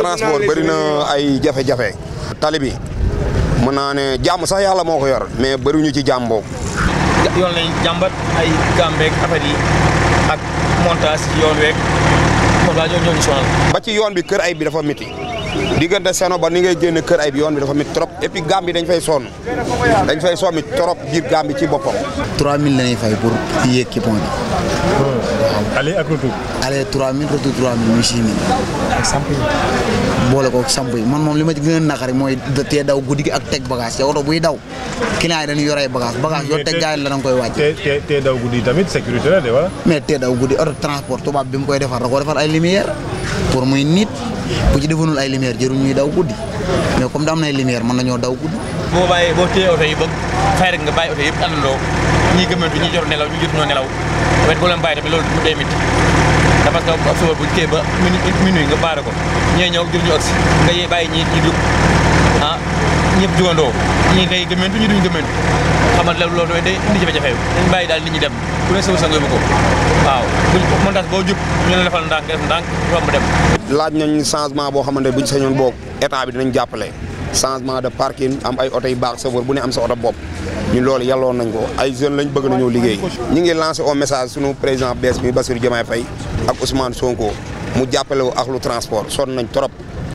transport bëri na ay jafe-jafe. tali bi mën naa ne jàmm sax yàlla moo ko yor mais bëriñu ci jàmm boobu. yoon lañ jàmbat ay gàmbeeg affaire ak montage ci yoon weeg ba ci yoon bi kër ay bi dafa métti diggante seno ba ni ngay génn kër ay bi yoon bi dafa métti trop et puis dañ fay sonn dañ fay sommi trop biir gàmm bi ci boppam. 3000 la ñuy fay pour yéeg ci pont aller ak retour. aller 3000 retour 3000 muy 6000. ak yi. boole ko ak samp man moom li ma ci gën a naqari mooy tee daw guddi gi ak teg bagage te buy daw client yi dañuy yore ay bagage bagage yoo teg gars yi la danga koy wàcc. te daw guddi tamit sécurité mais tee daw guddi oto transport tubaab bi mu koy defar da ko defar ay lumière pour muy nit bu ci defanul ay lumière jëru ñuy daw guddi mais comme da am na ay lumière mën nañoo daw guddi. boo bàyyee boo téye oto yi ba fay rek nga bàyyi oto yëpp àndandoo ñii gëmëntu ñii jot nelaw ñu jot ñoo nelaw wet boo leen bàyyi tamit loolu mu demit da parce que ab suba bu ñu téye ba minuit nga baare ko ñee ñëw jur ñu agsi nga yee bàyyi ñii ñu jug ah ñëpp jugandoo ñii day gëmëntu ñii duñ gëmëntu xamal loolu loolu day indi jafe-jafe dañ bàyyi daal nit ñi dem ku ne sa sang yóbbu ko waaw buñ montage boo jub ñu ne defal ndànk def ndànk romb dem laaj nañ changement boo xamante buñ sañoon boog état bi dinañ jàppale changement de parking am ay oto yu baax chauffeur bu ne am sa oto bopp ñu loolu yàlloon nañ ko ay jeunes lañ bëgg nañoo liggéey ñu ngi lancé au message sunu président bees bi Bassirou Diomaye Faye ak Ousmane Sonko mu jàppale wu ak lu transport sonn nañ trop